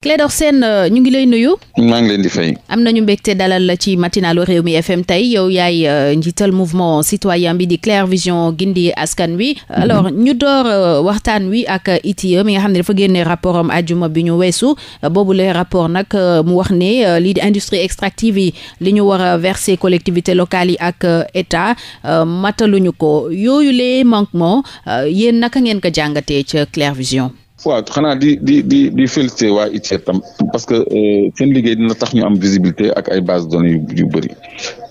Clédor Sène euh, ñu ngi lay nuyu. maa ngi leen di fay. am nañu mbégte dalal la ci matinalu réew mi FM tey yow yaay euh, njiital mouvement citoyen bi di Claire Vision gindi askan wi. Mhm. alors ñu door euh, waxtaan wi ak ITIE mi nga xam ne dafa génne rapport am ajuma bi ñu weesu boobu le rapport nag mu wax ne lii di industrie extractive yi li ñu war a verser collectivités locales yi ak état mataluñu ko yooyu les manquements yéen naka ngeen ko jàngatee ca Claire Vision. waaw xanaa di di di di félicité waa ITIE tam parce que euh, seen liggéey dina tax ñu am visibilité ak ay base de données yu bëri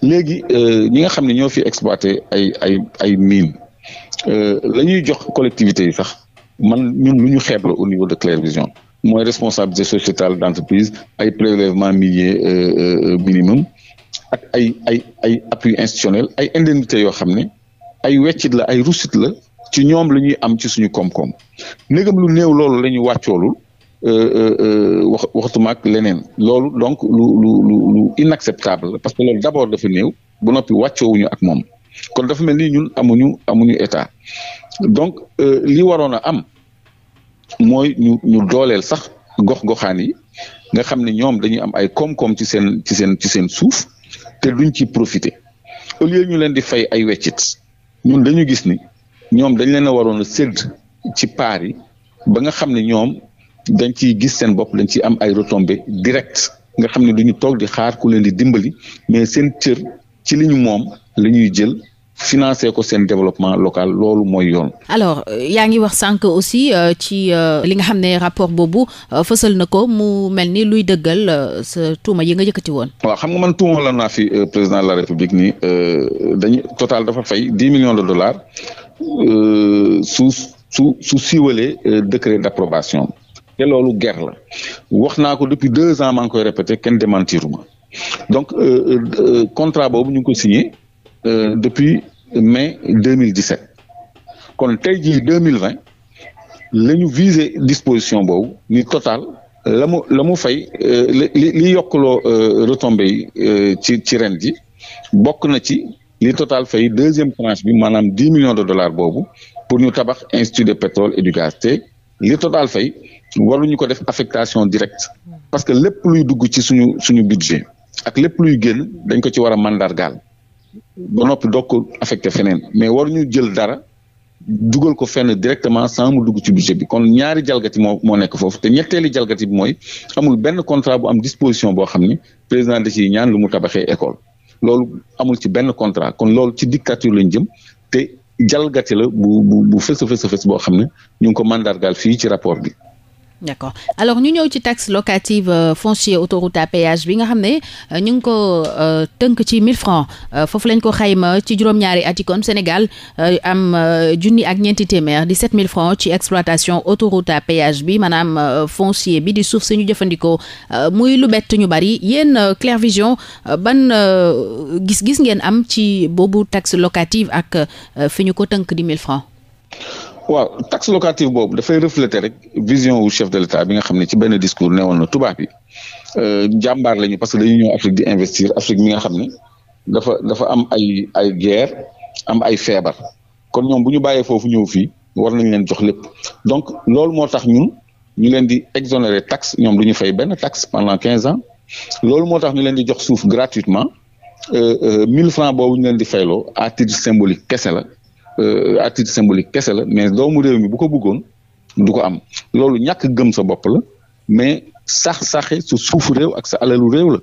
léegi euh, ñi nga xam ne ñoo fi exploité ay ay ay mines euh, la ñuy jox collectivités yi sax man ñun lu ñu xeeb la au niveau de Claire mooy mooy responsabilité sociétale d' entreprise ay prélèvement minier minimum ak ay ay ay appui institutionnel ay indemnités yoo xam ne ay weccit la ay rusit la ci ñoom la ñuy am ci suñu koom-koom ndegam lu néew loolu lañu ñu wàccoolul euh, euh, euh, wax waxtuma ak leneen loolu donc lu lu lu inacceptable parce que loolu d'abord dafa néew bu noppi wàccoowuñu ak moom kon dafa mel ni ñun amuñu amuñu état donc li waroon a am mooy ñu ñu dooleel sax gox-goxaan yi nga xam ne ñoom dañuy am ay koom-koom ci seen ci seen ci seen suuf te duñ ci profiter au lieu ñu leen di fay ay weccit ñun dañu gis ni. ñoom dañ leen a waroon a sédd ci paar yi ba nga xam ne ñoom dañ ciy gis seen bopp dañ ciy am ay retombées direct nga xam ne duñu ñu toog di xaar ku leen di dimbali mais seen cër ci li moom la ñuy jël financer ko seen développement local loolu mooy yoon. alors euh, yaa ngi wax sànq aussi euh, ci euh, li nga xam ne rapport boobu fësal na ko mu mel ni luy dëggal sa tuuma yi nga yëkkati woon. waaw xam nga man tuuma la naa fi président de la république ni dañu total dafa fay dix millions de dollars Euh, su su su siiwalee euh, décret d'approbation te loolu guerre la wax naa ko depuis deux ans maa ngi koy répété kenn démentiruma donc euh, contrat boobu ñu ngi ko signé depuis mais deux mai 2017 kon tey jii 2020 la ñu visé disposition boobu ni total la mu la mu fay li li yokkuloo retombé yi ci ci ren ji bokk na ci li total fay deuxième tranche bi maanaam dix millions de dollars boobu pour ñu tabax institut de pétrole et du gaz te li total fay waruñu ko def affectation direct parce que lépp luy dugg ci suñu suñu budget ak lépp luy génn dañ ko ci war a mandargaal ba noppi doog ko affecté feneen mais waruñu jël dara dugal ko fenn directement sans mu dugg ci budget bi kon ñaari jalgati moo moo nekk foofu te ñetteeli jalgati bi mooy amul benn contrat bu am disposition boo xam ni président da ñaan lu mu tabaxee école loolu amul ci benn contrat kon loolu ci dictature lañ jëm te jalgati la bu bu bu fës a boo xam ne ñu ngi ko mandargaal fii ci rapport bi d' accord alors ñu ñëw ci taxe locative euh, foncier autoroute à péage bi nga xam ne euh, ñu ngi ko euh, tënk ci 1000 francs foofu lañ ko xayma ci juróom-ñaari at kon Sénégal am junni ak ñeenti téeméer di mille francs ci exploitation autoroute à péage bi maanaam foncier bi di suuf suñu jëfandikoo muy lu bett ñu bari yéen Clair Vision ban gis-gis ngeen am ci boobu taxe locative ak fi ñu ko tënk di 1000 francs waaw tax locative boobu dafay refléter rek vision wu chef de l'État bi nga xam ne ci benn discours newoon na tubaab yi euh, jàmbaar lañu parce que dañu ñëw Afrique di investir Afrique mi nga xam ne dafa dafa am ay ay guerre am ay feebar kon ñoom bu ñu bàyyee foofu ñëw fii war nañ leen jox lépp donc loolu moo tax ñun ñu leen di exonérer taxe ñoom du ñu fay benn tax pendant quinze ans loolu moo tax ñu leen di jox suuf gratuitement euh, euh, mille francs boobu ñu leen di fayloo à titre symbolique kese la à euh, titre symbolique kese la mais doomu réew mi bu ko bëggoon du ko am loolu ñàkk gëm sa bopp la mais sax saxe su suufu réew ak sa alalu réew la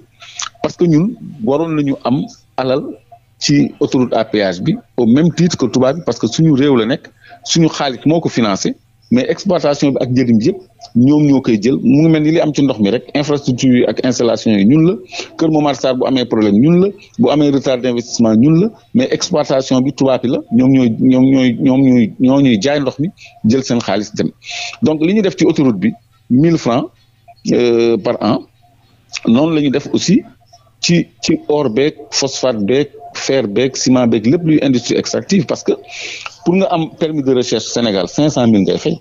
parce que ñun waroon nañu am alal ci autoroute à bi au même titre ko tubaab bi parce que suñu réew la nekk suñu xaalis moo ko financé mais exploitation bi ak njëriñ bi yëpp ñoom ñoo koy jël mu ngi mel ni li am ci ndox mi rek infrastructure yi ak installation yi ñun la Kër Momar Sarr bo amee problème ñun la bu amee retard d' ñun la mais exploitation bi tubaab bi la ñoom ñooy ñoom ñooy ñoom ñooy ñoo ñuy jaay ndox mi jël seen xaalis dem donc li ñu def ci autoroute bi 1000 francs euh, par en noonu la ñu def aussi ci ci or beeg phosphate beeg fer beeg ciment beeg lépp luy industrie extractive parce que pour nga am permis de recherche Sénégal 500000 ngay fay.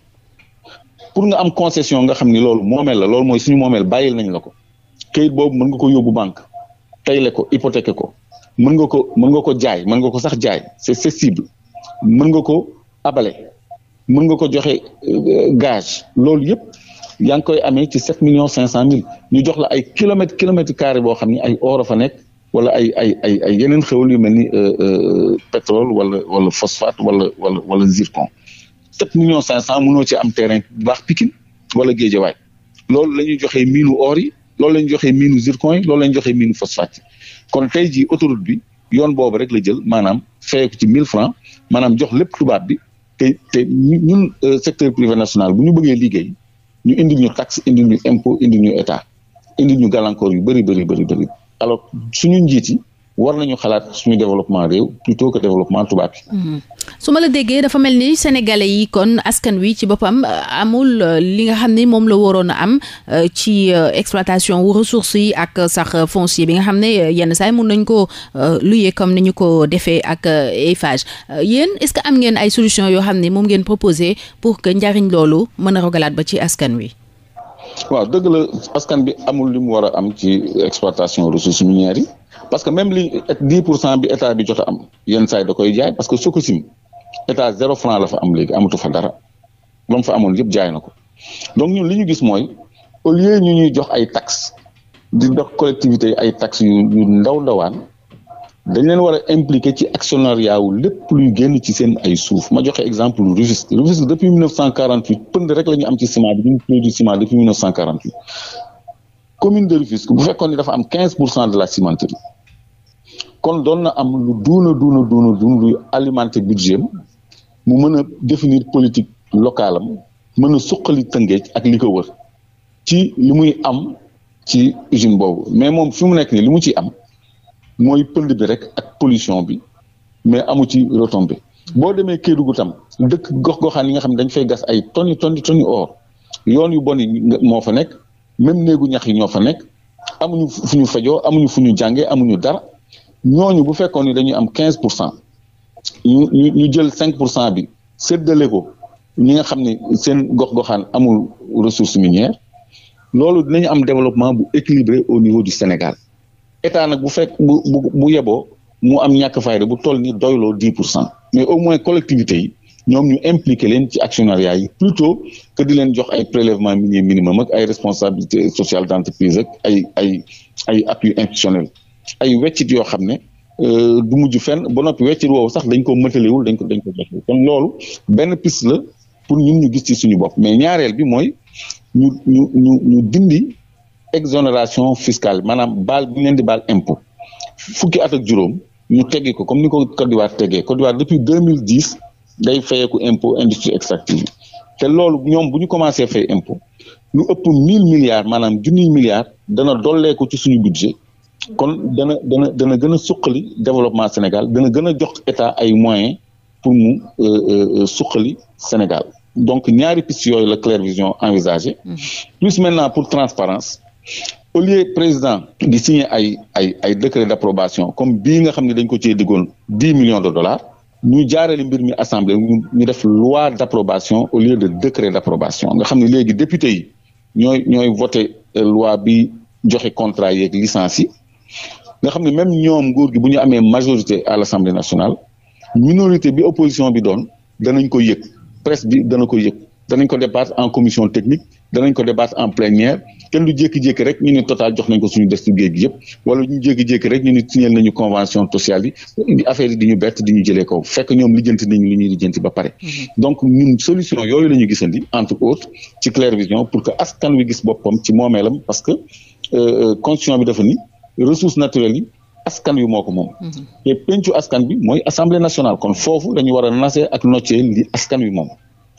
pour nga am concession nga xam ni loolu moomeel la loolu mooy suñu moomeel bàyyil nañ la ko këyit boobu mën nga ko yóbbu banque tayle ko hypothéquer ko mën nga ko mën nga ko jaay mën nga ko sax jaay c'est cessible mën nga ko abale mën nga ko joxe euh, gage loolu yëpp yaa ngi koy amee ci sept million cinq cent mille ñu jox la ay kilomètres kilomètres carrés boo xam ni ay or a fa nekk wala ay ay ay ay yeneen xewal yu mel ni euh, euh, pétrole wala wala phosphate wala wala wala zircon sept millions cinq cent mënoo ci am terrain bu baax Pikine wala Guédiawaye loolu la ñuy joxee miinu or yi loolu la joxe joxee miinu zircon yi loolu la ñuy joxee miinu phosphate yi kon tey jii autoroute bi yoon boobu rek la jël maanaam fayeeku ci mille francs maanaam jox lépp tubaab bi te te ñun euh, secteur privé national bu ñu bëggee liggéey ñu indi ñu taxe indil ñu impôt indi ñu état indi ñu gàllankoor yu bëri bëri bëri bëri alors suñu njiit yi war nañu xalaat suñu développement réew plutôt que développement tubaab bi. Mhm. su ma la déggee dafa mel ni sénégalais yi kon askan wi ci boppam euh, amul euh, li nga xam ne moom la waroon a am euh, ci exploitation wu ressources yi ak sax foncier bi nga xam ne yenn saa mun nañ ko luyee comme ni ñu ko defee ak Eiffage yéen est-ce que am ngeen ay solution yoo xam ne moom ngeen proposé pour que njariñ loolu mën a rogalaat ba ci askan wi. waaw dëgg la askan bi amul li mu war a am ci exploitation ressources minières yi parce que même li dix pour cent bi état bi jot am yenn saa yi da koy jaay parce que Sococim état zéro franc la fa am léegi amatu fa dara lu fa amul yëpp jaay na ko donc ñun li ñu gis mooy au lieu ñu ñuy jox ay tax di dox collectivités yi ay taxes yu yu ndaw ndawaan dañu leen war a impliqué ci actionnariat wu lépp luy génn ci seen ay suuf ma joxe exemple Rufisque revise depuis 1948 pënd rek la ñu am ci ciment bi ñu produit ciment depuis commune de Rufisque bu fekkoon ni dafa am 15 pour de la cimenterie kon doon na am lu duuna duuna duuna duun luy alimenter budget mu mën a définir politique locale am mën a suqali Tëngéej ak li ko wër ci li muy am ci usine boobu mais moom fi mu nekk nii li mu ci am. mooy pënd bi rek ak pollution bi mais amu ci retombé boo demee Kédougou tam dëkk gox-goxaan yi nga xam ne dañ fay gas ay toni toni toni or yoon yu bon yi moo fa nekk même néegu ñax yi ñoo fa nekk amuñu fu ñu fajoo amuñu fu ñu jàngee amuñu dara ñooñu bu fekkoon ni dañuy am quinze pour cent ñu ñu jël cinq pour cent bi séddale ko ñi nga xam ne seen gox-goxaan amul ressource minière loolu dinañu am développement bu équilibré au niveau du Sénégal état nag bu fekk bu bu bu yeboo mu am ñàkk fayda bu toll ni doyloo dix pour cent mais au moins collectivité yi ñoom ñu impliqué leen ci actionnariat yi plutôt que di leen jox ay prélèvement minier minimum ak ay responsabilité sociale d'entreprise ak ay ay ay appui institutionnel ay weccit yoo xam ne euh, du mujj fenn ba noppi weccit woowu sax dañ ko mëtalewul dañ ko dañ ko jox kon loolu benn piste la pour ñun ñu gis ci suñu bopp mais ñaareel bi mooy ñu ñu ñu ñu dindi exonération fiscale maanaam baal bu ñu leen di baal impôt fukki at ak juróom ñu teggi ko comme ni ko Côte tegee teggee Côte d'Ivoire depuis 2010 day fayeeku impôt industrie extractive te loolu ñoom bu ñu commencé fay impôt lu ëpp 1000 milliards maanaam junniy milliards dana dolleeku ci suñu budget kon dana dana dana gën a suqali développement Sénégal dana gën a jox état ay moyens pour mu euh, euh, euh, suqali Sénégal donc ñaari piste yooyu la Claire Vision envisagé mmh. plus maintenant pour transparence au lieu président di signer ay ay ay décret d'approbation comme bii nga xam ne dañ ko cee diggoon dix millions de dollars ñu jaareeli mbir mi assemblée ñu def loi d'approbation au lieu de décret d'approbation nga xam ne léegi député yi ñooy voté euh, loi bi joxe contrat yeeg licence yi nga xam ne même ñoom nguur gi bu ñu amee majorité à l'Assemblée nationale minorité bi opposition bi doon danañ ko yëg presse bi dana ko yëg danañ ko débattre en commission technique danañ ko débattre en plénière kenn du jékki-jékki rek ñu ne total jox nañ ko suñu des ci géej gi yëpp wala ñu jékki-jékki rek ñu ne signé nañu convention sociale yi affaire yi di ñu bett di ñu jëlee kaw fekk ñoom lijjanti nañu li ñuy lijjanti ba pare mm-hmm. donc ñun solution yooyu la ñu gisandi entre autres ci Claire Vision pour que askan wi gis boppam ci moomeelam parce que euh, euh, constitution bi dafa ni ressources naturelles yi askan wi moo ko moom mm-hmm. te pencu askan bi mooy assemblée nationale kon foofu dañu war a nasee ak noccee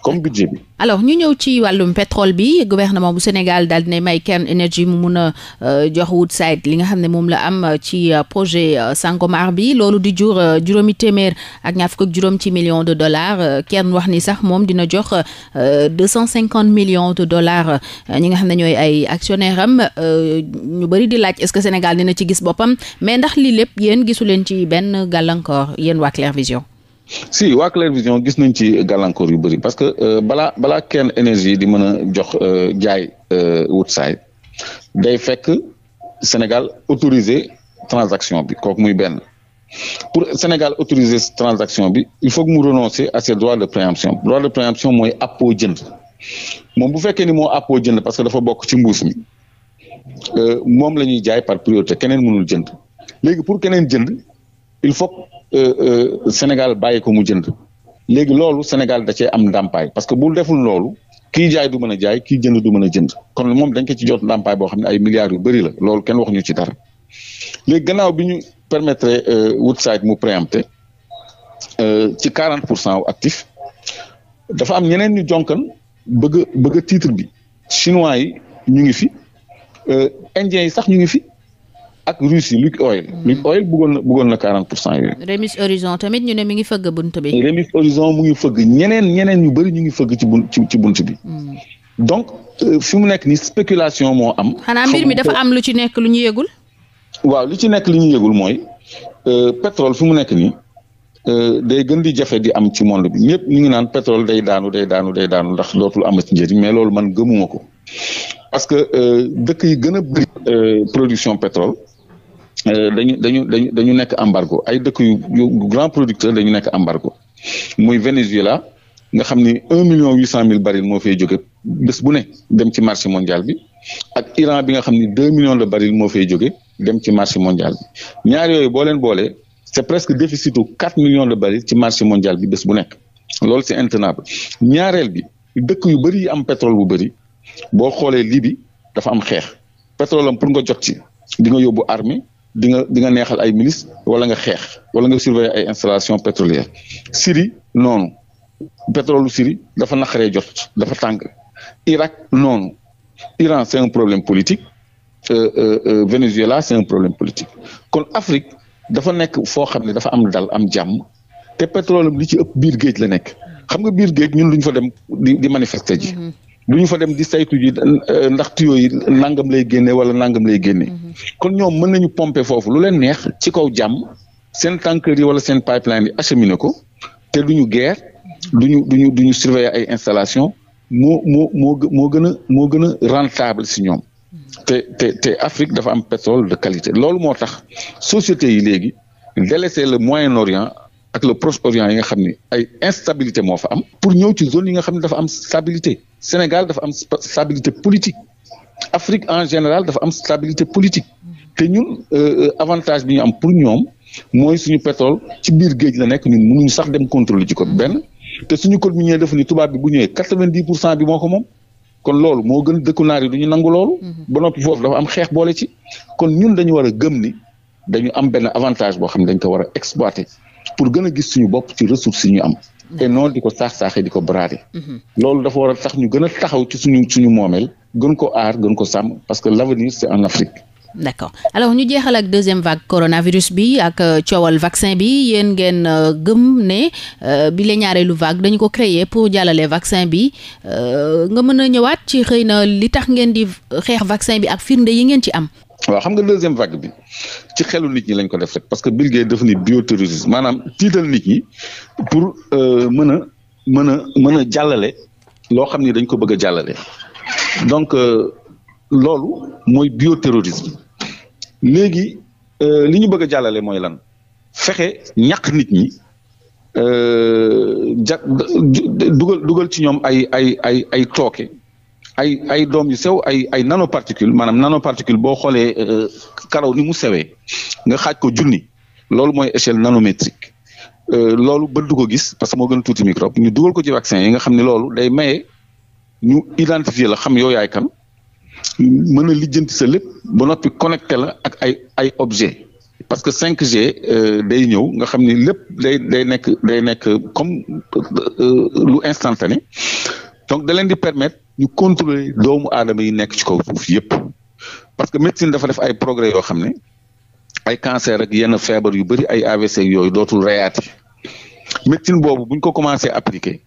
comme budget bi. alors ñu ñëw ci wàllum pétrole bi gouvernement bu Sénégal daal dina may Cairn Energy mu mun a euh, jox Woodside li nga xam ne moom la am euh, ci euh, projet Sangomar bi loolu di jur juróomi téeméer ak ñaar fukk juróom ci million de dollars Cairn wax ni sax moom dina jox deux cent cinquante millions de dollars ñi nga xam ne ñooy ay actionnaire am ñu bëri di laaj est-ce que Sénégal dina ci gis boppam mais ndax lii lépp yéen gisu leen ci benn gàllankoor yéen waa Clair si waa Clair Vision gis nañ ci gàllankoor yu bëri parce que euh, balaa balaa kenn énergie di mën a jox euh, jaay euh, Woodside day fekk Sénégal autoriser transaction bi kook muy benn pour Sénégal autoriser transaction bi il faut mu renoncer à ses droits de préemption droit de préemption mooy appoo jënd moom bu fekkee ni moom appoo jënd parce que dafa bokk ci mbuus mi moom la ñuy jaay par priorité keneen mënul jënd léegi pour keneen jënd. il faut que euh, euh, Sénégal bàyyi ko mu jënd léegi loolu Sénégal da cee am ndàmpaay parce que bu deful loolu kii jaay du mën a jaay kii jënd du mën a jënd kon moom dañ ko ci jot ndàmpaay boo xam ne ay milliards yu bëri la loolu kenn waxuñu ci dara léegi gannaaw bi ñu permettre euh, Woodside mu préempter ci quarante pour cent actif dafa am ñeneen ñu jonkan bëgg bëgg titre bi chinois yi ñu ngi fi indiens yi sax ñu ngi fi. ak Russie Luke Oil. Luke Oil bëggoon na bëggoon na 40 pour cent yooyu. Remis Horizon tamit ñu ne mi ngi fëgg bunt bi. Remis Horizon mu ngi fëgg ñeneen ñeneen ñu bëri ñu ngi fëgg ci bunt ci bunt bi. Hmm. donc euh, fi mu nekk nii spéculation moo am. xanaa mbir mi dafa am lu ci nekk lu ñu yëgul. waaw lu ci nekk lu ñu yëgul mooy euh, pétrole fi mu nekk nii euh, day gën di jafe di am ci monde bi ñëpp ñu ngi naan pétrole day daanu day daanu day daanu ndax dootul am ci njëriñ mais loolu man gëmuma ko parce que dëkk yi gën a bëri production pétrole. Euh, dañu dañu dañu dañu nekk embargo ay dëkk yu yu grand producteur dañu nekk embargo muy Venezuela nga xam ni un million huit cent mille baril moo fay jóge bés bu ne dem ci marché mondial bi ak Iran bi nga xam ni deux millions de baril moo fay jóge dem ci marché mondial ñaar yooyu boo leen boolee c'est presque déficit u quatre millions de baril ci marché mondial bi bés bu nekk loolu si intenable ñaareel bi dëkk yu bëri yi am pétrole bu bëri boo xoolee Libye dafa am xeex pétrole pour nga jot ci di nga yóbbu armée di nga di nga neexal ay milices wala nga xeex wala nga surveiller ay installation pétrolière Syrie noonu pétrole Syrie dafa naqaree jot dafa tàng Irak noonu Iran c'est un problème politique euh, euh, euh, Venezuela c'est un problème politique kon Afrique dafa nekk foo xam ne dafa am dal am jàmm te pétrole li ci ëpp biir géej la nekk xam nga biir géej ñun lu ñu fa dem di di manifester ji. Mm-hmm. du ñu fa dem di saytu ji euh, ndax tuyau yi nangam lay génne wala nangam lay génne. Mm-hmm. kon ñoom mën nañu pompe foofu lu leen neex ci kaw jàmm seen tanker yi wala seen pipeline yi acheminé ko te du ñu guerre du ñu du ñu du ñu ay installation moo moo moo moo gën a moo gën a rentable si ñoom. Mm-hmm. te te te Afrique dafa am pétrole de qualité loolu moo tax sociétés yi léegi délaissé le Moyen-Orient ak le Proche-Orient yi nga xam ni ay instabilité moo fa am pour ñëw ci zone yi nga xam ne dafa am stabilité. Sénégal dafa am stabilité politique Afrique en général dafa am stabilité politique te ñun euh, euh, avantage bi ñu am pour ñoom mooy suñu pétrole ci biir géej la nekk ñun mënuñu sax dem contrôler ci ko benn te suñu code minier dafa ni tubaab bi bu ñëwee quatre-vingt-dix pour cent bi moo ko moom kon loolu moo gën dëkku naar yi du ñu nangu loolu. Mm-hmm. ba noppi foofu dafa am xeex boole ci kon ñun dañu war a gëm ni dañu am benn avantage boo xam ne dañ ko war a exploiter pour gën a gis suñu bopp ci ressources yi ñu am. te noonu di ko saax-saaxee di ko braade mhm. loolu dafa war a tax ñu gën a taxaw ci suñu suñu moomeel gën ko aar gën ko sàmm parce que l'avenir c'est en Afrique d' accord alors ñu jeexal ak deuxième vague coronavirus bi ak euh, coowal vaccin bi yéen ngeen euh, gëm ne euh, bi la ñaareelu vague dañu ko créer pour jàllale vaccin bi nga mën a ñëwaat ci xëy na li tax ngeen di xeex vaccin bi ak firnde yi ngeen ci am waaw xam nga deuxième vague bi ci xelu nit ñi lañ ko def rek parce que Bill Gates dafa ni bioterrorisme maanaam tiital nit ñi pour euh, mën a mën a mën a jàllale loo xam ni dañ ko bëgg jàllale donc euh, loolu mooy bioterrorisme léegi euh, li ñu bëgg a jàllale mooy lan fexe ñàq nit ñi ja dugal dugal ci ñoom ay ay ay ay tooke ay ay doom yu sew ay ay nanoparticule maanaam nano nanoparticule boo xoolee euh, karaw ni mu sewee nga xaaj ko junni loolu mooy échelle nanométrique euh, loolu ba du ko gis parce que moo gën tuuti microbe ñu dugal ko ci vaccin yi nga xam ne loolu day maye ñu identifier la xam yow yaay mën a lijjanti sa lépp ba noppi connecté la ak ay ay objet parce que 5G euh, day ñëw nga xam ni lépp day day nekk day nekk comme lu instantané donc da leen di permettre ñu contrôler doomu aadama yi nekk ci kaw suuf yëpp parce que médecine dafa def ay progrès yoo xam ne ay cancer ak yenn feebar yu bëri ay AVC yooyu dootul reyaati médecine boobu buñ ko commencé appliquer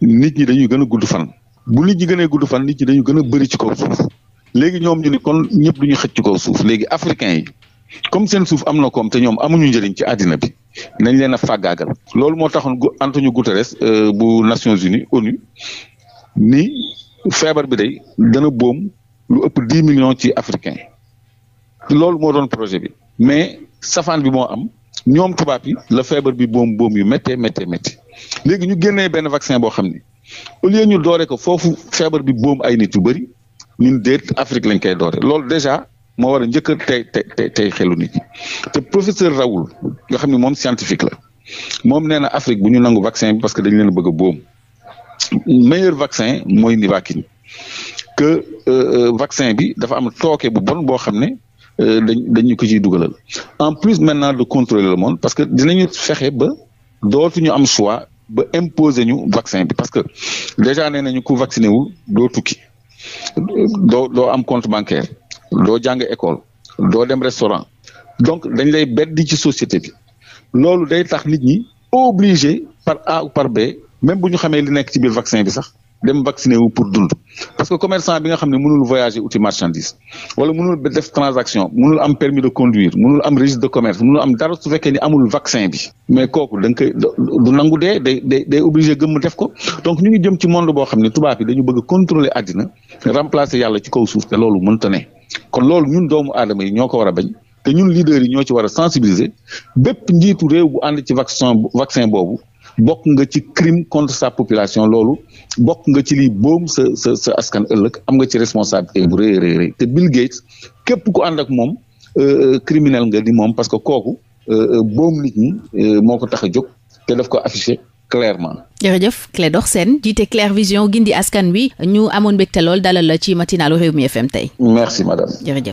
nit ñi dañuy gën a gudd fan bu nit ñi gënee gudd fan nit ñi dañu gën a bëri ci kaw suuf léegi ñoom ñu ni kon ñëpp du ñu xëcc ci kaw suuf léegi africains yi comme seen suuf am na koom te ñoom amuñu njëriñ ci àddina bi nañ leen a loolu moo taxoon Antonio Guterres euh, bu Nations Unies ONU ni feebar bi day dana boom lu ëpp dix millions ci africain loolu moo doon projet bi mais safaan bi moo am ñoom tubaab yi la feebar bi boom boom yu méttee méttee métti léegi ñu génnee benn vaccin boo xam ni au ñu doore ko foofu feebar bi boom ay nit yu bëri ñun déet Afrique lañ koy doore loolu déjà moo war a njëkk a tey tey tey xelu nit te professeur Raoult nga xam ni moom scientifique la moom nee na Afrique bu ñu nangu vaccin bi parce que dañu leen bëgg a boom. meilleur vaccin mooy Nivaquine que euh, euh, vaccin bi dafa am tooke bu bon boo xam ne euh, dañ dañu ko ciy dugalal en plus maintenant de contrôler le monde parce que dinañu fexe ba dootuñu am choix ba imposer ñu vaccin bi parce que déjà nee nañu ku vacciné wu doo tukki doo doo am compte bancaire doo jàng école doo dem restaurant donc dañ lay beddi ci société bi loolu day tax nit ñi obligé par A ou par B même bu ñu xamee li nekk ci biir vaccin bi sax dem vacciné wu pour dund parce que commerçant bi nga xam ne mënul voyager uti marchandise wala mënul def transaction mënul am permis de conduire mënul am registre de commerce mënul am dara su fekkee ni amul vaccin bi mais kooku da koy du nangu dee day day day obligé gëm def ko donc ñu ngi jëm ci monde boo xam ne tubaab yi dañu bëgg contrôler àddina remplacer yàlla ci kaw suuf te loolu mënta ne kon loolu ñun doomu aadama yi ñoo ko war a bañ te ñun leaders yi ñoo ci war a sensibiliser bépp njiitu réew bu ànd ci vaccin vaccin boobu bokk nga ci crime contre sa population loolu bokk nga ci liy boom sa sa askan ëllëg am nga ci responsabilité bu rëy rëy rëy te Bill Gates képp ku ànd ak moom euh, euh, criminel nga di moom parce que kooku euh, boom nit ñi moo ko tax a jóg te daf ko affiché clairement. jërëjëf Clédor seen jiite Clair Vision gindi askan wi ñu amoon mbégte lool dalal la ci matinalu Rewmi FM tey. merci madame.